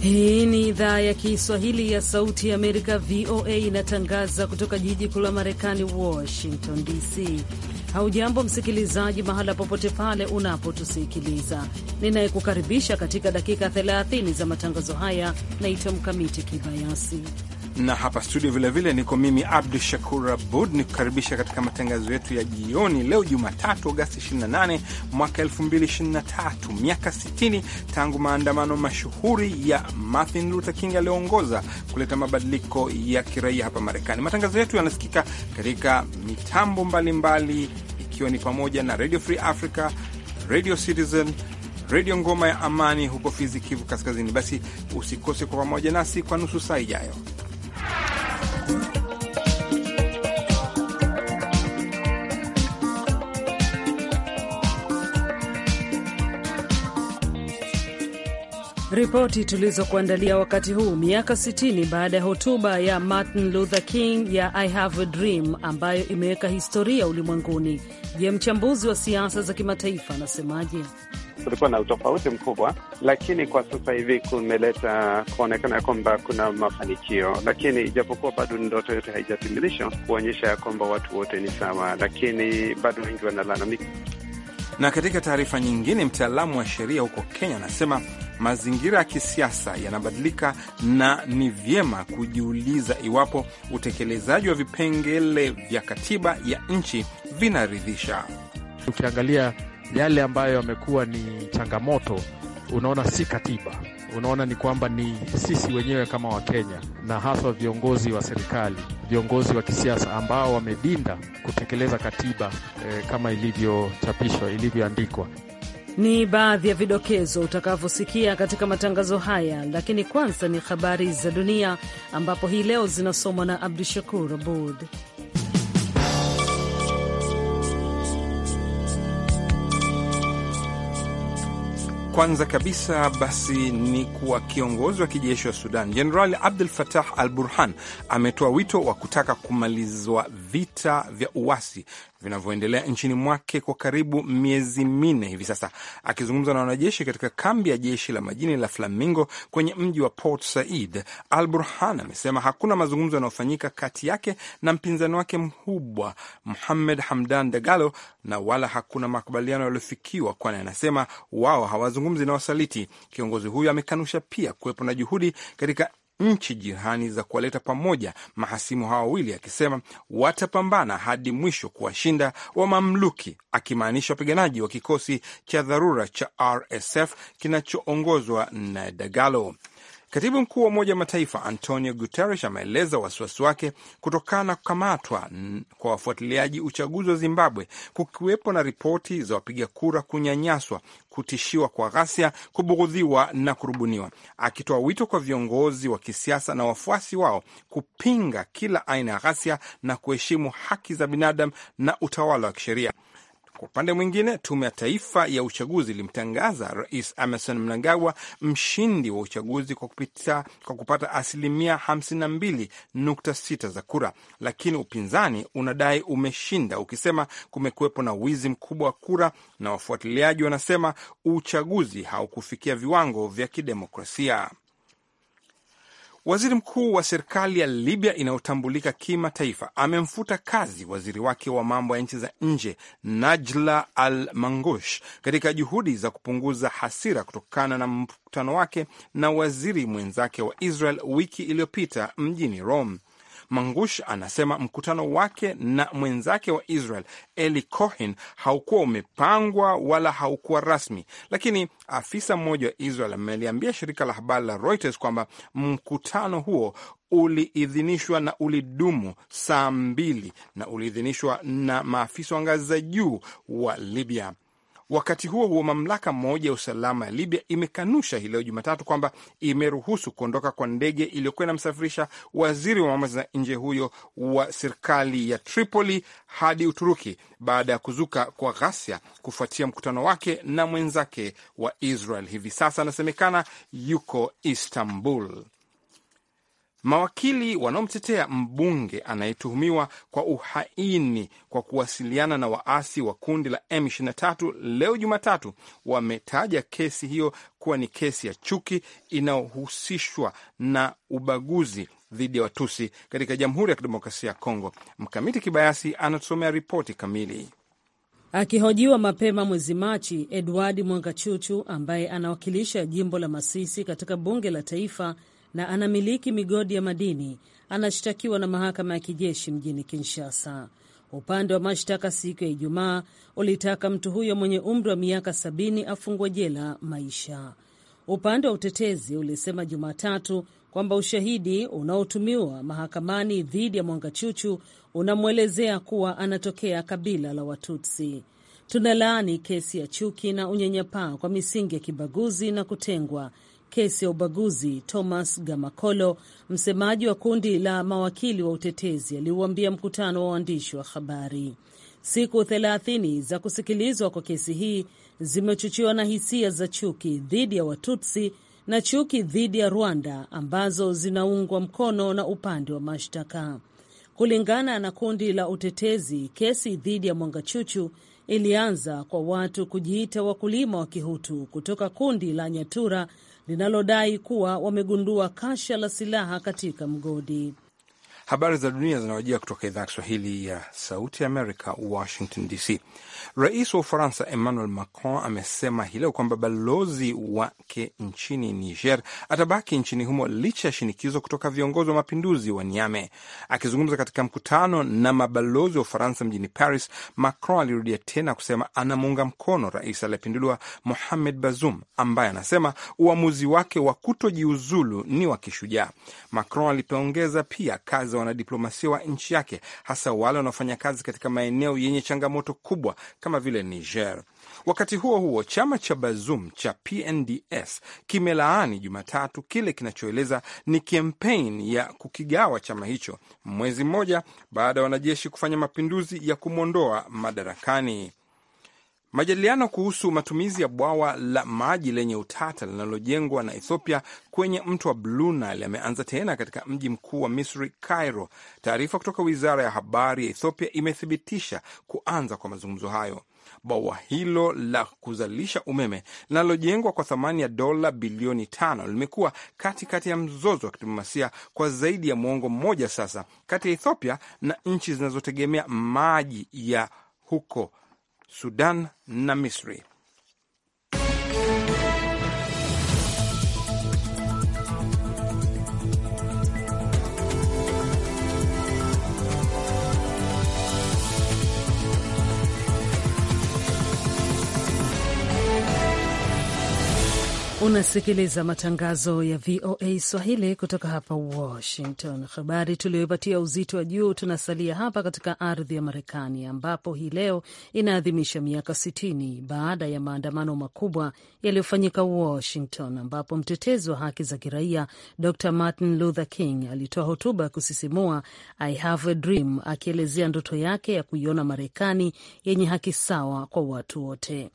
Hii ni idhaa ya Kiswahili ya Sauti ya Amerika, VOA, inatangaza kutoka jiji kuu la Marekani, Washington DC. Haujambo msikilizaji, mahala popote pale unapotusikiliza. Ninayekukaribisha katika dakika 30 za matangazo haya naitwa Mkamiti Kibayasi na hapa studio vilevile niko mimi Abdu Shakur Abud ni kukaribisha katika matangazo yetu ya jioni leo Jumatatu Agasti 28 mwaka 2023, miaka 60 tangu maandamano mashuhuri ya Martin Luther King yaliyoongoza kuleta mabadiliko ya kiraia hapa Marekani. Matangazo yetu yanasikika katika mitambo mbalimbali mbali, ikiwa ni pamoja na Radio Free Africa, Radio Citizen, Redio Ngoma ya Amani huko Fizi, Kivu Kaskazini. Basi usikose kwa pamoja nasi kwa nusu saa ijayo. ripoti tulizokuandalia wakati huu. Miaka 60 baada ya hotuba ya Martin Luther King ya I have a dream ambayo imeweka historia ulimwenguni. Je, mchambuzi wa siasa za kimataifa anasemaje? Kulikuwa na utofauti mkubwa, lakini kwa sasa hivi kumeleta kuonekana ya kwamba kuna mafanikio, lakini ijapokuwa bado ndoto yote haijatimilishwa kuonyesha ya kwamba watu wote ni sawa, lakini bado wengi wanalalamika. Na katika taarifa nyingine, mtaalamu wa sheria huko Kenya anasema mazingira ya kisiasa yanabadilika na ni vyema kujiuliza iwapo utekelezaji wa vipengele vya katiba ya nchi vinaridhisha. Ukiangalia yale ambayo yamekuwa ni changamoto, unaona si katiba unaona ni kwamba ni sisi wenyewe kama Wakenya na haswa viongozi wa serikali, viongozi wa kisiasa ambao wamedinda kutekeleza katiba eh, kama ilivyochapishwa, ilivyoandikwa. Ni baadhi ya vidokezo utakavyosikia katika matangazo haya, lakini kwanza ni habari za dunia ambapo hii leo zinasomwa na Abdu Shakur Abud. Kwanza kabisa basi ni kuwa kiongozi wa kijeshi wa Sudan Jenerali Abdul Fatah al Burhan ametoa wito wa kutaka kumalizwa vita vya uasi vinavyoendelea nchini mwake kwa karibu miezi minne hivi sasa. Akizungumza na wanajeshi katika kambi ya jeshi la majini la Flamingo kwenye mji wa Port Said, Al Burhan amesema hakuna mazungumzo yanayofanyika kati yake na mpinzani wake mkubwa Muhamed Hamdan Dagalo, na wala hakuna makubaliano yaliyofikiwa, kwani anasema wao hawazungumzi na wasaliti. Kiongozi huyo amekanusha pia kuwepo na juhudi katika nchi jirani za kuwaleta pamoja mahasimu hawa wawili, akisema watapambana hadi mwisho kuwashinda wa mamluki akimaanisha wapiganaji wa kikosi cha dharura cha RSF kinachoongozwa na Dagalo. Katibu mkuu wa Umoja wa Mataifa Antonio Guterres ameeleza wasiwasi wake kutokana na kukamatwa kwa wafuatiliaji uchaguzi wa Zimbabwe, kukiwepo na ripoti za wapiga kura kunyanyaswa, kutishiwa kwa ghasia, kubughudhiwa na kurubuniwa, akitoa wito kwa viongozi wa kisiasa na wafuasi wao kupinga kila aina ya ghasia na kuheshimu haki za binadamu na utawala wa kisheria. Kwa upande mwingine, tume ya taifa ya uchaguzi ilimtangaza Rais Emerson Mnangagwa mshindi wa uchaguzi kwa, kupita, kwa kupata asilimia 52.6 za kura, lakini upinzani unadai umeshinda ukisema kumekuwepo na wizi mkubwa wa kura, na wafuatiliaji wanasema uchaguzi haukufikia viwango vya kidemokrasia. Waziri mkuu wa serikali ya Libya inayotambulika kimataifa amemfuta kazi waziri wake wa mambo ya nchi za nje Najla Al Mangush katika juhudi za kupunguza hasira kutokana na mkutano wake na waziri mwenzake wa Israel wiki iliyopita mjini Rome. Mangush anasema mkutano wake na mwenzake wa Israel Eli Cohen haukuwa umepangwa wala haukuwa rasmi, lakini afisa mmoja wa Israel ameliambia shirika la habari la Reuters kwamba mkutano huo uliidhinishwa na ulidumu saa mbili na uliidhinishwa na maafisa wa ngazi za juu wa Libya. Wakati huo huo, mamlaka moja ya usalama ya Libya imekanusha hii leo Jumatatu kwamba imeruhusu kuondoka kwa ndege iliyokuwa inamsafirisha waziri wa mambo za nje huyo wa serikali ya Tripoli hadi Uturuki baada ya kuzuka kwa ghasia kufuatia mkutano wake na mwenzake wa Israel. Hivi sasa anasemekana yuko Istanbul. Mawakili wanaomtetea mbunge anayetuhumiwa kwa uhaini kwa kuwasiliana na waasi wa kundi la M23 leo Jumatatu wametaja kesi hiyo kuwa ni kesi ya chuki inayohusishwa na ubaguzi dhidi ya Watusi katika Jamhuri ya Kidemokrasia ya Kongo. Mkamiti Kibayasi anatusomea ripoti kamili. Akihojiwa mapema mwezi Machi, Edward Mwangachuchu ambaye anawakilisha jimbo la Masisi katika bunge la taifa na anamiliki migodi ya madini anashtakiwa na mahakama ya kijeshi mjini Kinshasa. Upande wa mashtaka siku ya Ijumaa ulitaka mtu huyo mwenye umri wa miaka sabini afungwe jela maisha. Upande wa utetezi ulisema Jumatatu kwamba ushahidi unaotumiwa mahakamani dhidi ya mwanga chuchu unamwelezea kuwa anatokea kabila la Watutsi. Tunalaani kesi ya chuki na unyanyapaa kwa misingi ya kibaguzi na kutengwa kesi ya ubaguzi, Thomas Gamakolo, msemaji wa kundi la mawakili wa utetezi, aliuambia mkutano wa waandishi wa habari. Siku thelathini za kusikilizwa kwa kesi hii zimechochewa na hisia za chuki dhidi ya Watutsi na chuki dhidi ya Rwanda ambazo zinaungwa mkono na upande wa mashtaka. Kulingana na kundi la utetezi, kesi dhidi ya Mwangachuchu ilianza kwa watu kujiita wakulima wa Kihutu kutoka kundi la Nyatura linalodai kuwa wamegundua kasha la silaha katika mgodi. Habari za dunia zinawajia kutoka idhaa ya Kiswahili ya Sauti ya Amerika, Washington DC. Rais wa Ufaransa Emmanuel Macron amesema hii leo kwamba balozi wake nchini Niger atabaki nchini humo licha ya shinikizo kutoka viongozi wa mapinduzi wa Niame. Akizungumza katika mkutano na mabalozi wa Ufaransa mjini Paris, Macron alirudia tena kusema anamuunga mkono rais aliyepinduliwa Mohamed Bazoum ambaye anasema uamuzi wake wa kutojiuzulu ni wa kishujaa. Macron alipongeza pia kazi wanadiplomasia wa nchi yake, hasa wale wanaofanya kazi katika maeneo yenye changamoto kubwa kama vile Niger. Wakati huo huo, chama cha Bazoum cha PNDS kimelaani Jumatatu kile kinachoeleza ni kampeni ya kukigawa chama hicho, mwezi mmoja baada ya wanajeshi kufanya mapinduzi ya kumwondoa madarakani. Majadiliano kuhusu matumizi ya bwawa la maji lenye utata linalojengwa na Ethiopia kwenye mto wa Blue Nile yameanza tena katika mji mkuu wa Misri, Cairo. Taarifa kutoka wizara ya habari ya Ethiopia imethibitisha kuanza kwa mazungumzo hayo. Bwawa hilo la kuzalisha umeme linalojengwa kwa thamani ya dola bilioni tano limekuwa katikati ya mzozo wa kidiplomasia kwa zaidi ya mwongo mmoja sasa, kati ya Ethiopia na nchi zinazotegemea maji ya huko Sudan na Misri. Unasikiliza matangazo ya VOA Swahili kutoka hapa Washington. Habari tuliyoipatia uzito wa juu, tunasalia hapa katika ardhi ya Marekani ambapo hii leo inaadhimisha miaka 60 baada ya maandamano makubwa yaliyofanyika Washington, ambapo mtetezi wa haki za kiraia Dr Martin Luther King alitoa hotuba ya kusisimua I have a dream, akielezea ndoto yake ya kuiona Marekani yenye haki sawa kwa watu wote.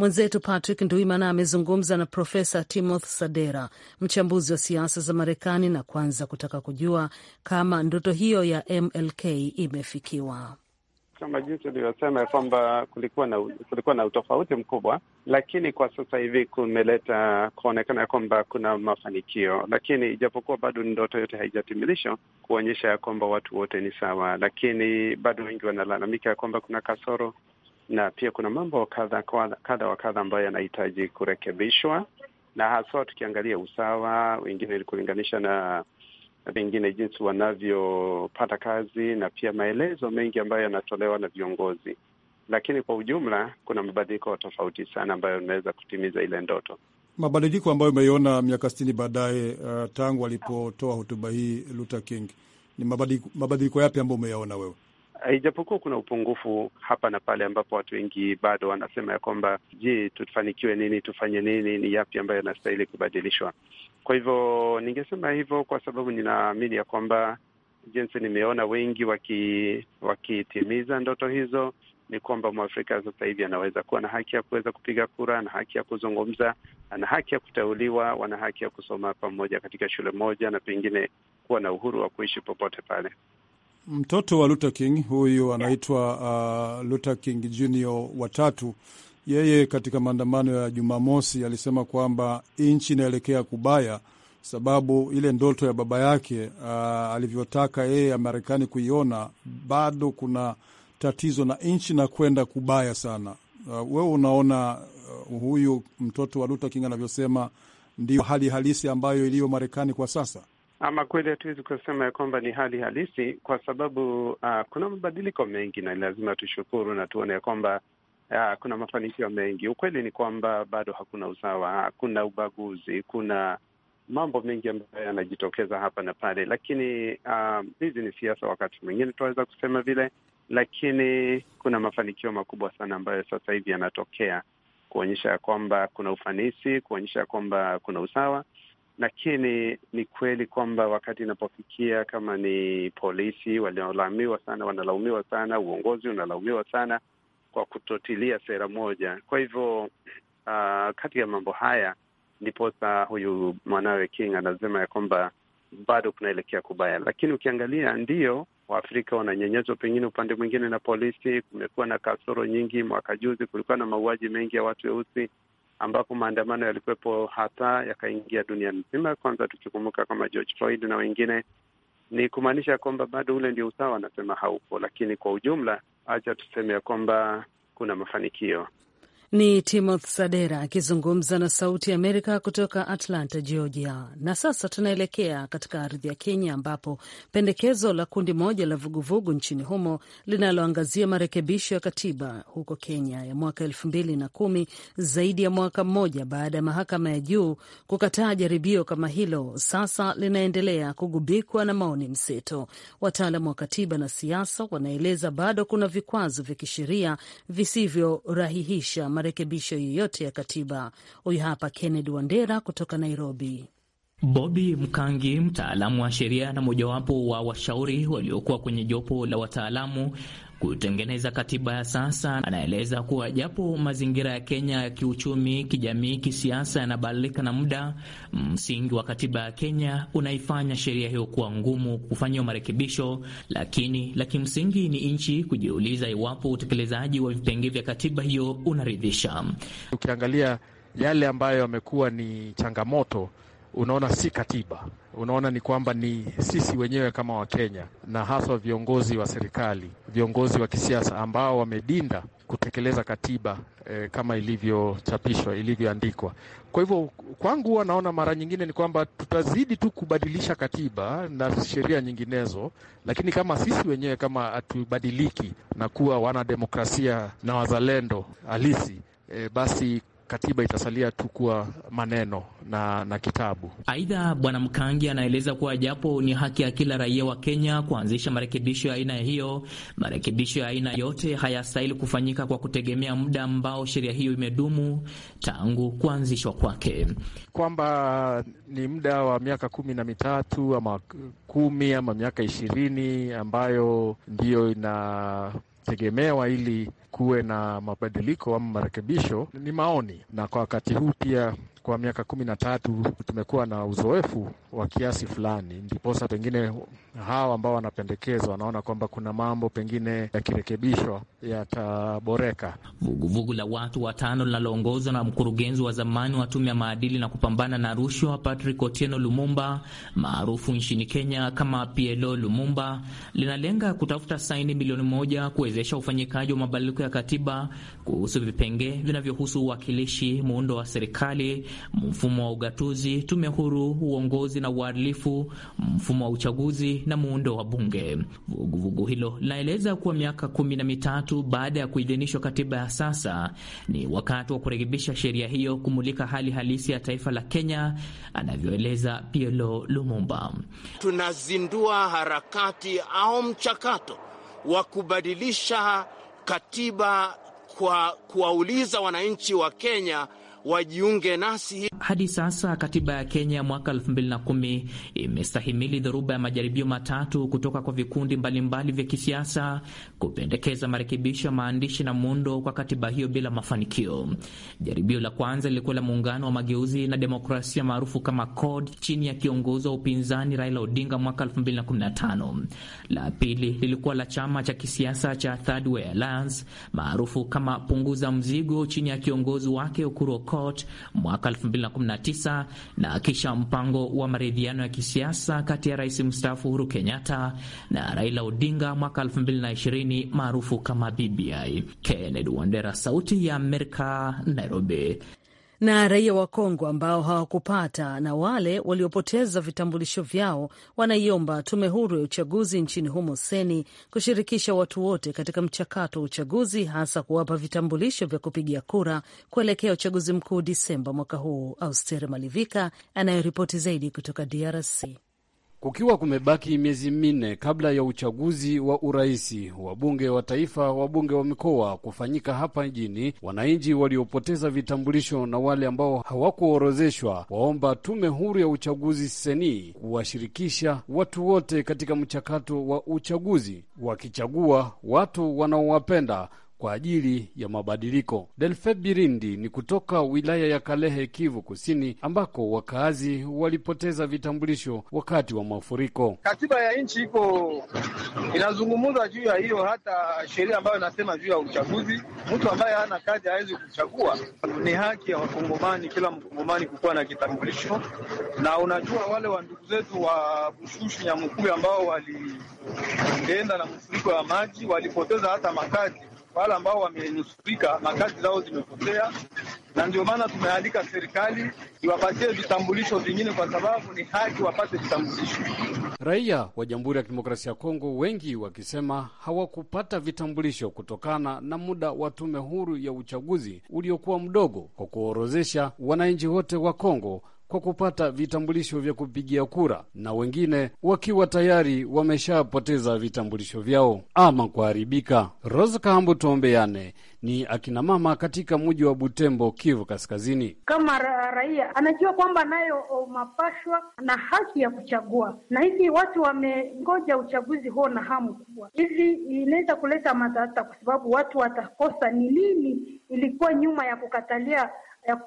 Mwenzetu Patrick Ndwimana amezungumza na Profesa Timothy Sadera, mchambuzi wa siasa za Marekani, na kwanza kutaka kujua kama ndoto hiyo ya MLK imefikiwa. Kama jinsi ulivyosema kwamba kulikuwa na kulikuwa na utofauti mkubwa, lakini kwa sasa hivi kumeleta kuonekana ya kwamba kuna mafanikio, lakini ijapokuwa bado ndoto yote haijatimilishwa kuonyesha ya kwamba watu wote ni sawa, lakini bado wengi wanalalamika ya kwamba kuna kasoro na pia kuna mambo kadha kadha wa kadha ambayo yanahitaji kurekebishwa, na haswa tukiangalia usawa, wengine ni kulinganisha na pengine jinsi wanavyopata kazi na pia maelezo mengi ambayo yanatolewa na viongozi, lakini kwa ujumla kuna mabadiliko tofauti sana ambayo unaweza kutimiza ile ndoto. Mabadiliko ambayo umeiona miaka sitini baadaye, uh, tangu alipotoa hotuba hii Luther King, ni mabadiliko yapi ambayo umeyaona wewe? Ijapokuwa kuna upungufu hapa na pale, ambapo watu wengi bado wanasema ya kwamba je, tufanikiwe nini? Tufanye nini? Ni yapi ambayo yanastahili kubadilishwa? Kwa hivyo ningesema hivyo kwa sababu ninaamini ya kwamba jinsi nimeona wengi wakitimiza waki ndoto hizo ni kwamba Mwafrika sasa hivi anaweza kuwa na haki ya kuweza kupiga kura, na haki ya kuzungumza, ana haki ya kuteuliwa, wana haki ya kusoma pamoja katika shule moja, na pengine kuwa na uhuru wa kuishi popote pale mtoto wa Luther King huyu anaitwa uh, Luther King Junior watatu. Yeye katika maandamano ya Jumamosi alisema kwamba nchi inaelekea kubaya, sababu ile ndoto ya baba yake uh, alivyotaka yeye Marekani kuiona bado kuna tatizo na nchi na kwenda kubaya sana. Uh, wewe unaona uh, huyu mtoto wa Luther King anavyosema ndio hali halisi ambayo iliyo Marekani kwa sasa? Ama kweli hatuwezi kusema ya kwamba ni hali halisi, kwa sababu uh, kuna mabadiliko mengi na lazima tushukuru na tuone ya kwamba uh, kuna mafanikio mengi. Ukweli ni kwamba bado hakuna usawa, kuna ubaguzi, kuna mambo mengi ambayo yanajitokeza hapa na pale, lakini uh, hizi ni siasa. Wakati mwingine tunaweza kusema vile, lakini kuna mafanikio makubwa sana ambayo sasa hivi yanatokea kuonyesha ya kwamba kuna ufanisi, kuonyesha ya kwamba kuna usawa lakini ni kweli kwamba wakati inapofikia, kama ni polisi waliolaumiwa sana, wanalaumiwa sana, uongozi unalaumiwa sana kwa kutotilia sera moja. Kwa hivyo uh, kati ya mambo haya ndiposa huyu mwanawe King anasema ya kwamba bado kunaelekea kubaya, lakini ukiangalia, ndiyo Waafrika wananyenyezwa pengine upande mwingine na polisi. Kumekuwa na kasoro nyingi. Mwaka juzi kulikuwa na mauaji mengi ya watu weusi ambapo maandamano yalikuwepo hata yakaingia dunia nzima, kwanza tukikumbuka kama George Floyd na wengine. Ni kumaanisha kwamba bado ule ndio usawa anasema haupo, lakini kwa ujumla, acha tuseme ya kwamba kuna mafanikio. Ni Timothy Sadera akizungumza na Sauti ya Amerika kutoka Atlanta, Georgia. Na sasa tunaelekea katika ardhi ya Kenya, ambapo pendekezo la kundi moja la vuguvugu nchini humo linaloangazia marekebisho ya katiba huko Kenya ya mwaka elfu mbili na kumi, zaidi ya mwaka mmoja baada ya mahakama ya juu kukataa jaribio kama hilo, sasa linaendelea kugubikwa na maoni mseto. Wataalamu wa katiba na siasa wanaeleza bado kuna vikwazo vya kisheria visivyorahihisha marekebisho yoyote ya katiba. Huyu hapa Kennedy Wandera kutoka Nairobi. Bobi Mkangi, mtaalamu wa sheria na mojawapo wa washauri waliokuwa kwenye jopo la wataalamu kutengeneza katiba ya sasa. Anaeleza kuwa japo mazingira ya Kenya ya kiuchumi, kijamii, kisiasa yanabadilika na muda, msingi wa katiba ya Kenya unaifanya sheria hiyo kuwa ngumu kufanyiwa marekebisho, lakini la kimsingi ni nchi kujiuliza iwapo utekelezaji wa vipengee vya katiba hiyo unaridhisha. Ukiangalia yale ambayo yamekuwa ni changamoto unaona si katiba, unaona ni kwamba ni sisi wenyewe kama Wakenya na haswa viongozi wa serikali, viongozi wa kisiasa ambao wamedinda kutekeleza katiba e, kama ilivyochapishwa, ilivyoandikwa. Kwa hivyo kwangu huwa naona mara nyingine ni kwamba tutazidi tu kubadilisha katiba na sheria nyinginezo, lakini kama sisi wenyewe kama hatubadiliki na kuwa wanademokrasia na wazalendo halisi e, basi katiba itasalia tu kuwa maneno na, na kitabu. Aidha, Bwana Mkangi anaeleza kuwa japo ni haki ya kila raia wa Kenya kuanzisha marekebisho ya aina hiyo, marekebisho ya aina yote hayastahili kufanyika kwa kutegemea muda ambao sheria hiyo imedumu tangu kuanzishwa kwake, kwamba ni muda wa miaka kumi na mitatu ama kumi ama miaka ishirini ambayo ndiyo inategemewa ili kuwe na mabadiliko ama marekebisho, ni maoni. Na kwa wakati huu pia kwa miaka kumi na tatu tumekuwa na uzoefu wa kiasi fulani, ndiposa pengine hawa ambao wanapendekezwa wanaona kwamba kuna mambo pengine yakirekebishwa yataboreka. Vuguvugu la watu watano linaloongozwa na mkurugenzi wa zamani wa tume ya maadili na kupambana na rushwa Patrick Otieno Lumumba maarufu nchini Kenya kama PLO Lumumba linalenga kutafuta saini milioni moja kuwezesha ufanyikaji wa mabadiliko ya katiba kuhusu vipengee vinavyohusu uwakilishi, muundo wa serikali mfumo wa ugatuzi, tume huru, uongozi na uadilifu, mfumo wa uchaguzi na muundo wa bunge. Vuguvugu vugu hilo linaeleza kuwa miaka kumi na mitatu baada ya kuidhinishwa katiba ya sasa, ni wakati wa kurekebisha sheria hiyo kumulika hali halisi ya taifa la Kenya, anavyoeleza pielo Lumumba. Tunazindua harakati au mchakato wa kubadilisha katiba kwa kuwauliza wananchi wa Kenya wajiunge nasi. Hadi sasa katiba ya Kenya ya mwaka 2010 imestahimili dhoruba ya majaribio matatu kutoka kwa vikundi mbalimbali vya kisiasa kupendekeza marekebisho ya maandishi na muundo kwa katiba hiyo bila mafanikio. Jaribio la kwanza lilikuwa la muungano wa mageuzi na demokrasia maarufu kama CORD chini ya kiongozi wa upinzani Raila Odinga mwaka 2015. La pili lilikuwa la chama cha kisiasa cha Third Way Alliance maarufu kama punguza mzigo chini ya kiongozi wake Ukuru Court mwaka 2019 na kisha mpango wa maridhiano ya kisiasa kati ya rais mstaafu Uhuru Kenyatta na Raila Odinga mwaka 2020 maarufu kama BBI. Kennedy Wandera, Sauti ya Amerika, Nairobi na raia wa Kongo ambao hawakupata na wale waliopoteza vitambulisho vyao wanaiomba tume huru ya uchaguzi nchini humo seni kushirikisha watu wote katika mchakato wa uchaguzi, hasa kuwapa vitambulisho vya kupigia kura kuelekea uchaguzi mkuu Disemba mwaka huu. austeri Malivika anayoripoti zaidi kutoka DRC. Kukiwa kumebaki miezi minne kabla ya uchaguzi wa uraisi, wabunge wa taifa, wabunge wa mikoa kufanyika hapa nchini, wananchi waliopoteza vitambulisho na wale ambao hawakuorozeshwa waomba tume huru ya uchaguzi seni kuwashirikisha watu wote katika mchakato wa uchaguzi, wakichagua watu wanaowapenda kwa ajili ya mabadiliko. Delfe Birindi ni kutoka wilaya ya Kalehe, Kivu Kusini, ambako wakaazi walipoteza vitambulisho wakati wa mafuriko. Katiba ya nchi iko inazungumza juu ya hiyo, hata sheria ambayo inasema juu ya uchaguzi. Mtu ambaye hana kazi hawezi kuchagua. Ni haki ya Wakongomani, kila Mkongomani kukuwa na kitambulisho, na unajua wale wa ndugu zetu wa Bushushu Nyamukulu ambao walienda na mfuriko ya maji walipoteza hata makazi wale ambao wamenusurika makazi zao zimepotea, na ndio maana tumealika serikali iwapatie vitambulisho vingine, kwa sababu ni haki wapate vitambulisho. Raia wa Jamhuri ya Kidemokrasia ya Kongo wengi wakisema hawakupata vitambulisho kutokana na muda wa tume huru ya uchaguzi uliokuwa mdogo kwa kuorozesha wananchi wote wa Kongo kwa kupata vitambulisho vya kupigia kura na wengine wakiwa tayari wameshapoteza vitambulisho vyao ama kuharibika. Rose Kahambu Tombeyane ni akinamama katika mji wa Butembo, Kivu Kaskazini. Kama ra raia anajua kwamba nayo mapashwa na haki ya kuchagua, na hivi watu wamengoja uchaguzi huo na hamu kubwa. Hivi inaweza kuleta madhara, kwa sababu watu watakosa ni nini ilikuwa nyuma ya kukatalia ya,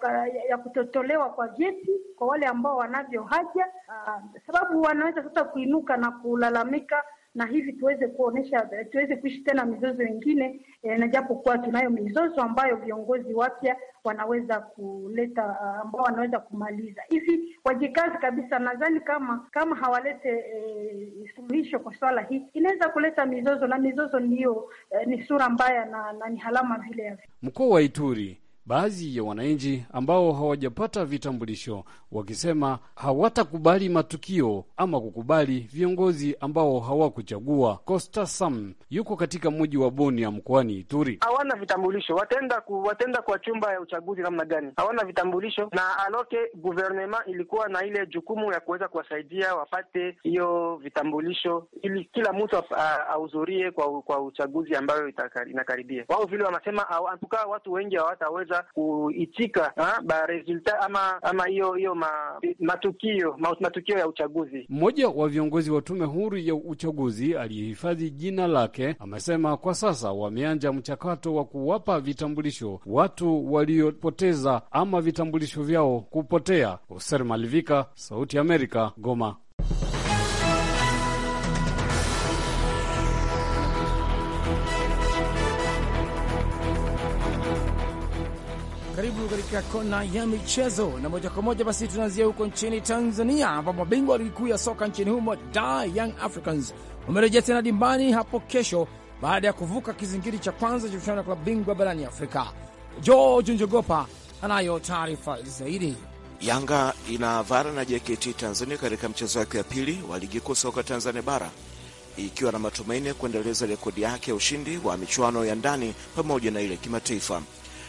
ya kutotolewa kwa vyeti kwa wale ambao wanavyo haja uh, sababu wanaweza sasa kuinuka na kulalamika na hivi tuweze kuonesha tuweze kuishi tena mizozo mingine e, na japo kuwa tunayo mizozo ambayo viongozi wapya wanaweza kuleta ah, ambao wanaweza kumaliza hivi wajikazi kabisa. Nadhani kama kama hawalete e, suluhisho kwa swala hii inaweza kuleta mizozo, na mizozo ndiyo e, ni sura mbaya na, na ni halama vile. Mkoa wa Ituri baadhi ya wananchi ambao hawajapata vitambulisho wakisema hawatakubali matukio ama kukubali viongozi ambao hawakuchagua. Costa Sam yuko katika mji wa Bunia mkoani Ituri. Hawana vitambulisho, watenda ku, watenda kwa chumba ya uchaguzi namna gani? Hawana vitambulisho, na aloke guvernema ilikuwa na ile jukumu ya kuweza kuwasaidia wapate hiyo vitambulisho ili kila mtu ahudhurie kwa, kwa uchaguzi ambayo inakaribia. Wao vile wanasema, atukaa watu wengi hawataweza kuweza kuitika resulta ama ama hiyo hiyo ma, matukio ma, matukio ya uchaguzi. Mmoja wa viongozi wa tume huru ya uchaguzi aliyehifadhi jina lake amesema kwa sasa wameanja mchakato wa kuwapa vitambulisho watu waliopoteza ama vitambulisho vyao kupotea. Hoser Malivika, Sauti ya Amerika, Goma. katika kona ya michezo, na moja kwa moja basi tunaanzia huko nchini Tanzania, ambapo mabingwa wa ligi kuu ya soka nchini humo Dar Young Africans wamerejea tena dimbani hapo kesho baada ya kuvuka kizingiti cha kwanza cha kushindana kwa bingwa barani Afrika. George Njogopa anayo taarifa zaidi. Yanga inavara na JKT Tanzania katika mchezo wake wa pili wa ligi kuu soka Tanzania bara ikiwa na matumaini ya kuendeleza rekodi yake ya ushindi wa michuano ya ndani pamoja na ile kimataifa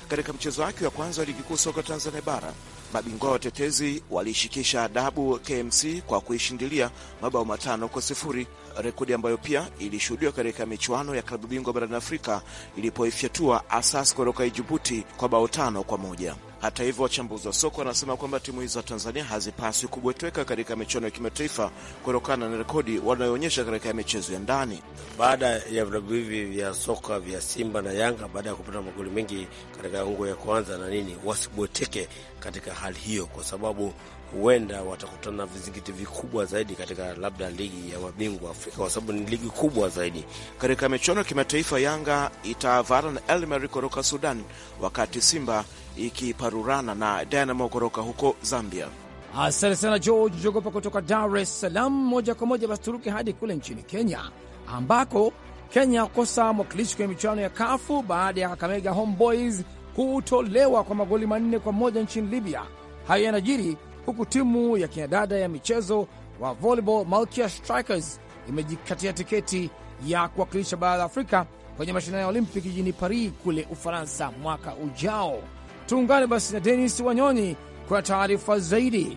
katika mchezo wake wa kwanza wa ligi kuu soka Tanzania bara mabingwa watetezi waliishikisha adabu KMC kwa kuishindilia mabao matano kwa sifuri, rekodi ambayo pia ilishuhudiwa katika michuano ya klabu bingwa barani Afrika ilipoifyatua Asas kutoka Ijibuti kwa bao tano kwa moja. Hata hivyo, wachambuzi wa soka wanasema kwamba timu hizo za Tanzania hazipaswi kubweteka katika michuano ya kimataifa kutokana na rekodi wanayoonyesha katika michezo ya ndani. Baada ya vilabu hivi vya soka vya Simba na Yanga, baada ya kupata magoli mengi katika ungo ya kwanza na nini, wasibweteke katika hali hiyo, kwa sababu huenda watakutana na vizingiti vikubwa zaidi katika labda ligi ya mabingwa Afrika kwa sababu ni ligi kubwa zaidi. Katika michuano ya kimataifa, Yanga itavana na Elmeri kutoka Sudan, wakati Simba ikiparurana na Dynamo kutoka huko Zambia. Asante sana George Jogopa kutoka Dar es Salaam. Moja kwa moja basi turuke hadi kule nchini Kenya, ambako Kenya kosa mwakilishi kwenye michuano ya Kafu baada ya Kakamega Homeboys kutolewa kwa magoli manne kwa moja nchini Libya. Hayo yanajiri huku timu ya kinadada ya michezo wa volleyball Malkia Strikers imejikatia tiketi ya kuwakilisha bara la Afrika kwenye mashindano ya Olimpiki jijini Paris kule Ufaransa mwaka ujao. Tuungane basi na Denis Wanyonyi kwa taarifa zaidi.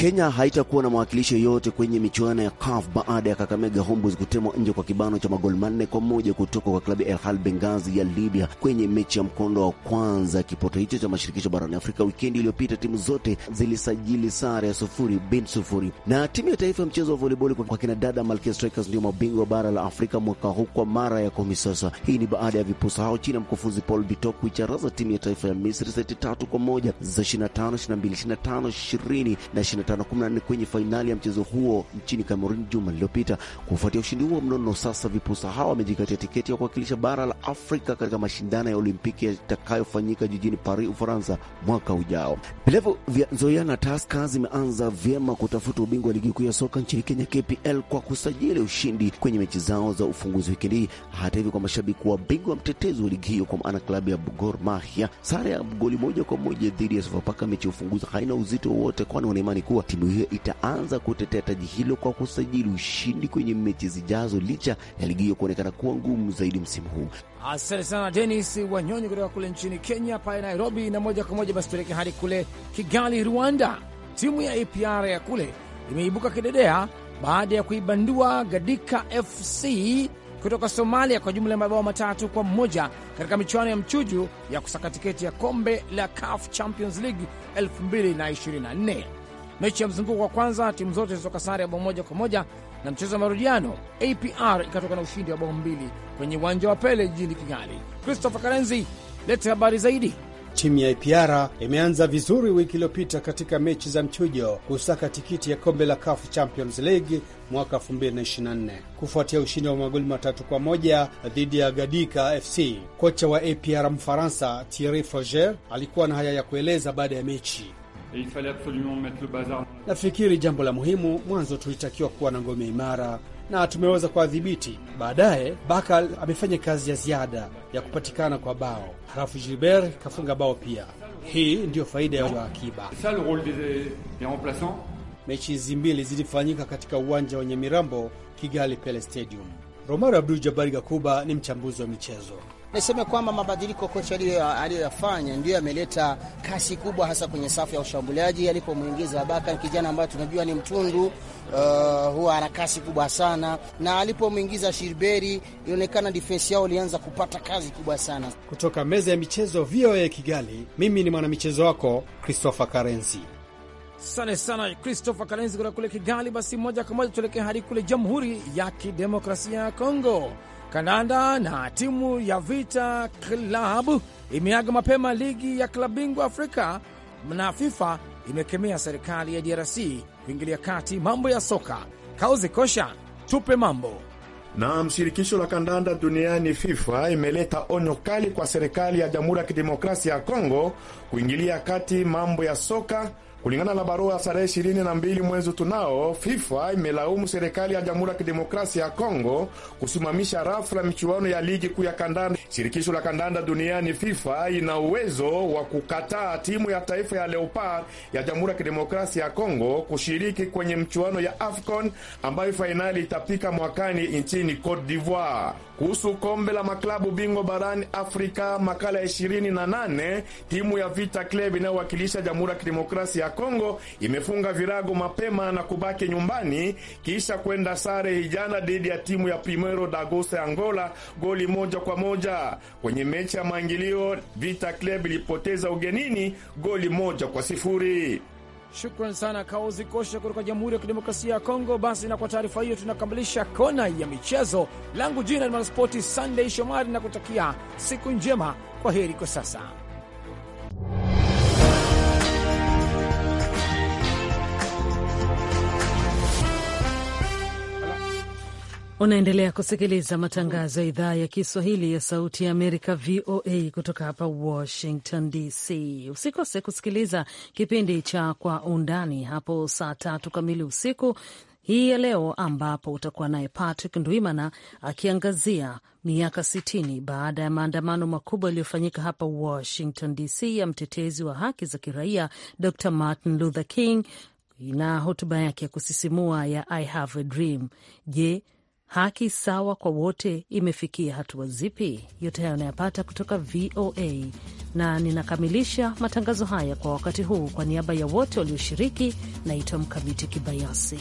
Kenya haitakuwa na mwakilishi yoyote kwenye michuano ya CAF baada ya Kakamega Homeboyz kutemwa nje kwa kibano cha magoli manne kwa moja kutoka kwa klabu ya Al Ahly Benghazi ya Libya kwenye mechi ya mkondo wa kwanza kipoto hicho cha mashirikisho barani Afrika. Wikendi iliyopita timu zote zilisajili sare ya sufuri bin sufuri, na timu ya taifa ya mchezo wa volleyball kwa kina dada Malkia Strikers ndio mabingwa bara la Afrika mwaka huu kwa mara ya kumi sasa. Hii ni baada ya vipusa hao chini ya mkufunzi Paul Bitok kuicharaza timu ya taifa ya Misri seti tatu kwa moja za 25 22 25 20 na 25 15-14 kwenye fainali ya mchezo huo nchini Cameroon juma lililopita. Kufuatia ushindi huo mnono, sasa vipusa hawa wamejikatia tiketi ya kuwakilisha bara la Afrika katika mashindano ya Olimpiki yatakayofanyika jijini Paris, Ufaransa mwaka ujao. Vilabu vya Nzoiana Taska zimeanza vyema kutafuta ubingwa wa ligi kuu ya soka nchini Kenya KPL kwa kusajili ushindi kwenye mechi zao za ufunguzi wikendi hii. Hata hivyo, kwa mashabiki wa bingwa mtetezi wa ligi hiyo kwa maana klabu ya Gor Mahia, sare ya goli moja kwa moja dhidi ya Sofapaka mechi ya ufunguzi haina uzito wowote, kwani wanaimani kuwa kuwa timu hiyo itaanza kutetea taji hilo kwa kusajili ushindi kwenye mechi zijazo, licha ya ligi hiyo kuonekana kuwa ngumu zaidi msimu huu. Asante sana Denis Wanyonyi kutoka kule nchini Kenya, pale Nairobi. Na moja kwa moja basi tuelekee hadi kule Kigali, Rwanda. Timu ya APR ya kule imeibuka kidedea baada ya kuibandua Gadika FC kutoka Somalia kwa jumla ya mabao matatu kwa mmoja katika michuano ya mchuju ya kusaka tiketi ya kombe la CAF Champions League 2024. Mechi ya mzunguko wa kwanza timu zote zilitoka sare ya bao moja kwa moja, na mchezo wa marudiano APR ikatoka na ushindi wa bao mbili kwenye uwanja wa Pele jijini Kigali. Christopher Karenzi, lete habari zaidi. Timu ya APR imeanza vizuri wiki iliyopita katika mechi za mchujo kusaka tikiti ya kombe la CAF Champions League mwaka 2024 kufuatia ushindi wa magoli matatu kwa moja dhidi ya Gadika FC. Kocha wa APR Mfaransa Thierry foger alikuwa na haya ya kueleza baada ya mechi. Et il fallait absolument mettre le bazar. Nafikiri jambo la muhimu mwanzo, tulitakiwa kuwa na ngome imara na tumeweza kuwadhibiti. Baadaye Bakal amefanya kazi ya ziada ya kupatikana kwa bao, halafu Gilbert kafunga bao pia. Hii ndiyo faida ya akiba. Mechi hizi mbili zilifanyika katika uwanja wenye mirambo Kigali Pele Stadium. Romaro Abdul Jabari Gakuba ni mchambuzi wa michezo. Niseme kwamba mabadiliko kocha aliyoyafanya ndiyo yameleta kasi kubwa, hasa kwenye safu ya ushambuliaji alipomwingiza Abaka, kijana ambaye tunajua ni mtundu uh, huwa ana kasi kubwa sana, na alipomwingiza Shirberi ilionekana difensi yao ilianza kupata kazi kubwa sana. Kutoka meza ya michezo VOA Kigali, mimi ni mwanamichezo wako Christopher Karenzi. Asante sana Christopher Karenzi kutoka kule Kigali. Basi moja kwa moja tuelekee hadi kule Jamhuri ya Kidemokrasia ya Kongo kandanda na timu ya Vita Klabu imeaga mapema ligi ya klabu bingwa Afrika na FIFA imekemea serikali ya DRC kuingilia kati mambo ya soka. Kauzi Kosha, tupe mambo na mshirikisho la kandanda duniani FIFA imeleta onyo kali kwa serikali ya Jamhuri ya Kidemokrasia ya Kongo kuingilia kati mambo ya soka Kulingana na barua ya tarehe ishirini na mbili mwezi tunao, FIFA imelaumu serikali ya Jamhuri ya Kidemokrasia ya Kongo kusimamisha rafu la michuano ya ligi kuu ya kandanda. Shirikisho la kandanda duniani FIFA ina uwezo wa kukataa timu ya taifa ya Leopard ya Jamhuri ya Kidemokrasia ya Kongo kushiriki kwenye mchuano ya AFCON ambayo fainali itapika mwakani nchini Cote d'Ivoire kuhusu kombe la maklabu bingwa barani Afrika, makala ya 28, timu ya Vita Club inayowakilisha Jamhuri ya Kidemokrasia ya Kongo imefunga virago mapema na kubaki nyumbani kisha kwenda sare hijana dhidi ya timu ya Primero Dagosa ya Angola goli moja kwa moja. Kwenye mechi ya maingilio, Vita Club ilipoteza ugenini goli moja kwa sifuri. Shukran sana Kaozi Kosha kutoka Jamhuri ya Kidemokrasia ya Kongo. Basi na kwa taarifa hiyo tunakamilisha kona ya michezo. Langu jina ni Mwanaspoti Sunday Shomari na kutakia siku njema. Kwa heri kwa sasa. Unaendelea kusikiliza matangazo ya idhaa ya Kiswahili ya Sauti ya Amerika, VOA, kutoka hapa Washington DC. Usikose kusikiliza kipindi cha Kwa Undani hapo saa tatu kamili usiku hii ya leo, ambapo utakuwa naye Patrick Ndwimana akiangazia miaka 60 baada ya maandamano makubwa yaliyofanyika hapa Washington DC ya mtetezi wa haki za kiraia Dr Martin Luther King na hotuba yake ya kusisimua ya I Have a Dream. Je, haki sawa kwa wote imefikia hatua zipi? Yote hayo anayapata kutoka VOA na ninakamilisha matangazo haya kwa wakati huu. Kwa niaba ya wote walioshiriki, naitwa Mkamiti Kibayasi.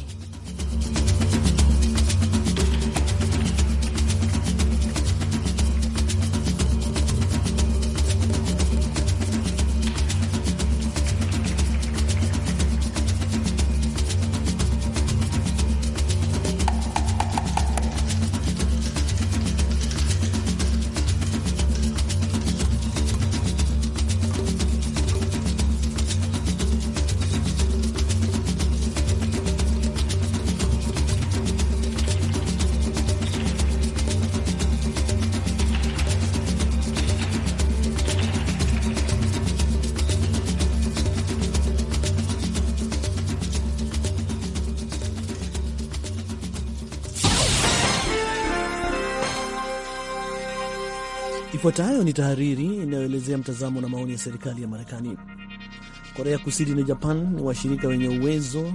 Ifuatayo ni tahariri inayoelezea mtazamo na maoni ya serikali ya Marekani. Korea Kusini na Japan ni washirika wenye uwezo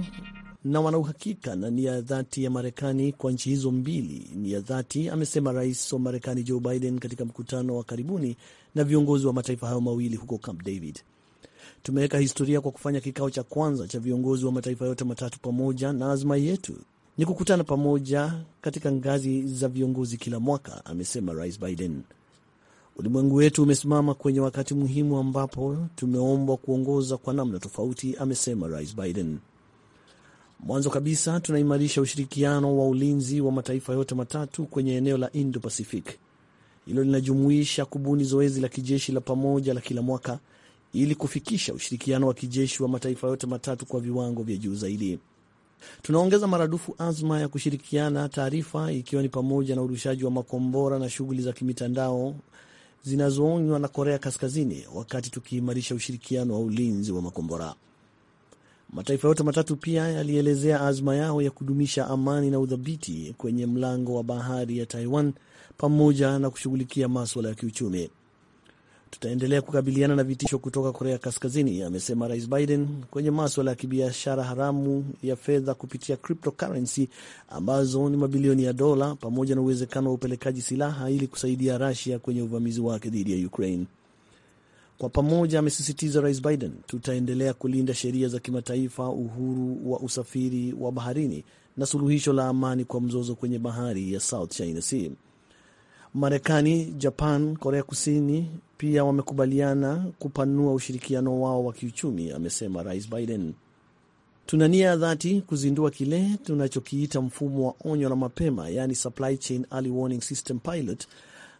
na wana uhakika na nia ya dhati ya Marekani kwa nchi hizo mbili, nia dhati, amesema rais wa Marekani Joe Biden katika mkutano wa karibuni na viongozi wa mataifa hayo mawili huko Camp David. Tumeweka historia kwa kufanya kikao cha kwanza cha viongozi wa mataifa yote matatu pamoja, na azma yetu ni kukutana pamoja katika ngazi za viongozi kila mwaka, amesema rais Biden. Ulimwengu wetu umesimama kwenye wakati muhimu ambapo tumeombwa kuongoza kwa namna tofauti, amesema Rais Biden. Mwanzo kabisa, tunaimarisha ushirikiano wa ulinzi wa mataifa yote matatu kwenye eneo la Indo-Pacific. Hilo linajumuisha kubuni zoezi la kijeshi la pamoja la kila mwaka ili kufikisha ushirikiano wa kijeshi wa mataifa yote matatu kwa viwango vya juu zaidi. Tunaongeza maradufu azma ya kushirikiana taarifa, ikiwa ni pamoja na urushaji wa makombora na shughuli za kimitandao zinazoonywa na Korea Kaskazini, wakati tukiimarisha ushirikiano wa ulinzi wa makombora. Mataifa yote matatu pia yalielezea azma yao ya kudumisha amani na udhabiti kwenye mlango wa bahari ya Taiwan pamoja na kushughulikia maswala ya kiuchumi tutaendelea kukabiliana na vitisho kutoka Korea Kaskazini, amesema Rais Biden kwenye maswala ya kibiashara haramu ya fedha kupitia cryptocurrency ambazo ni mabilioni ya dola, pamoja na uwezekano wa upelekaji silaha ili kusaidia Russia kwenye uvamizi wake dhidi ya Ukraine. Kwa pamoja, amesisitiza Rais Biden, tutaendelea kulinda sheria za kimataifa, uhuru wa usafiri wa baharini na suluhisho la amani kwa mzozo kwenye bahari ya South China Sea. Marekani, Japan, Korea Kusini pia wamekubaliana kupanua ushirikiano wao wa kiuchumi, amesema Rais Biden. Tuna nia ya dhati kuzindua kile tunachokiita mfumo wa onyo la mapema, yani supply chain early warning system pilot,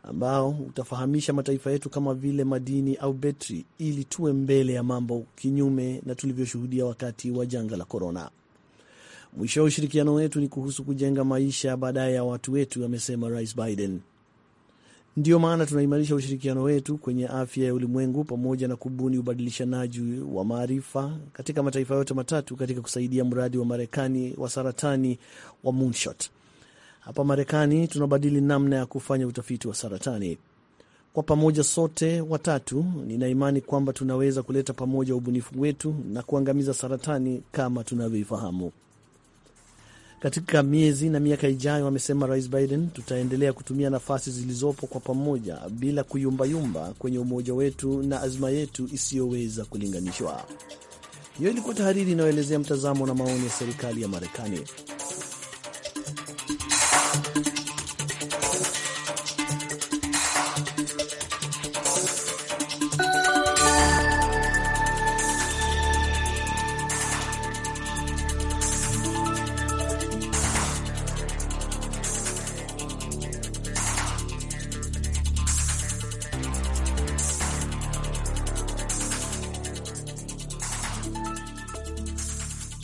ambao utafahamisha mataifa yetu kama vile madini au betri, ili tuwe mbele ya mambo, kinyume na tulivyoshuhudia wakati wa janga la korona. Mwisho wa ushirikiano wetu ni kuhusu kujenga maisha baadaye ya watu wetu, amesema Rais Biden. Ndiyo maana tunaimarisha ushirikiano wetu kwenye afya ya ulimwengu pamoja na kubuni ubadilishanaji wa maarifa katika mataifa yote matatu katika kusaidia mradi wa Marekani wa saratani wa Moonshot. Hapa Marekani tunabadili namna ya kufanya utafiti wa saratani. Kwa pamoja sote watatu, nina imani kwamba tunaweza kuleta pamoja ubunifu wetu na kuangamiza saratani kama tunavyoifahamu katika miezi na miaka ijayo, amesema Rais Biden. Tutaendelea kutumia nafasi zilizopo kwa pamoja bila kuyumbayumba kwenye umoja wetu na azma yetu isiyoweza kulinganishwa. Hiyo ilikuwa tahariri inayoelezea mtazamo na maoni ya serikali ya Marekani.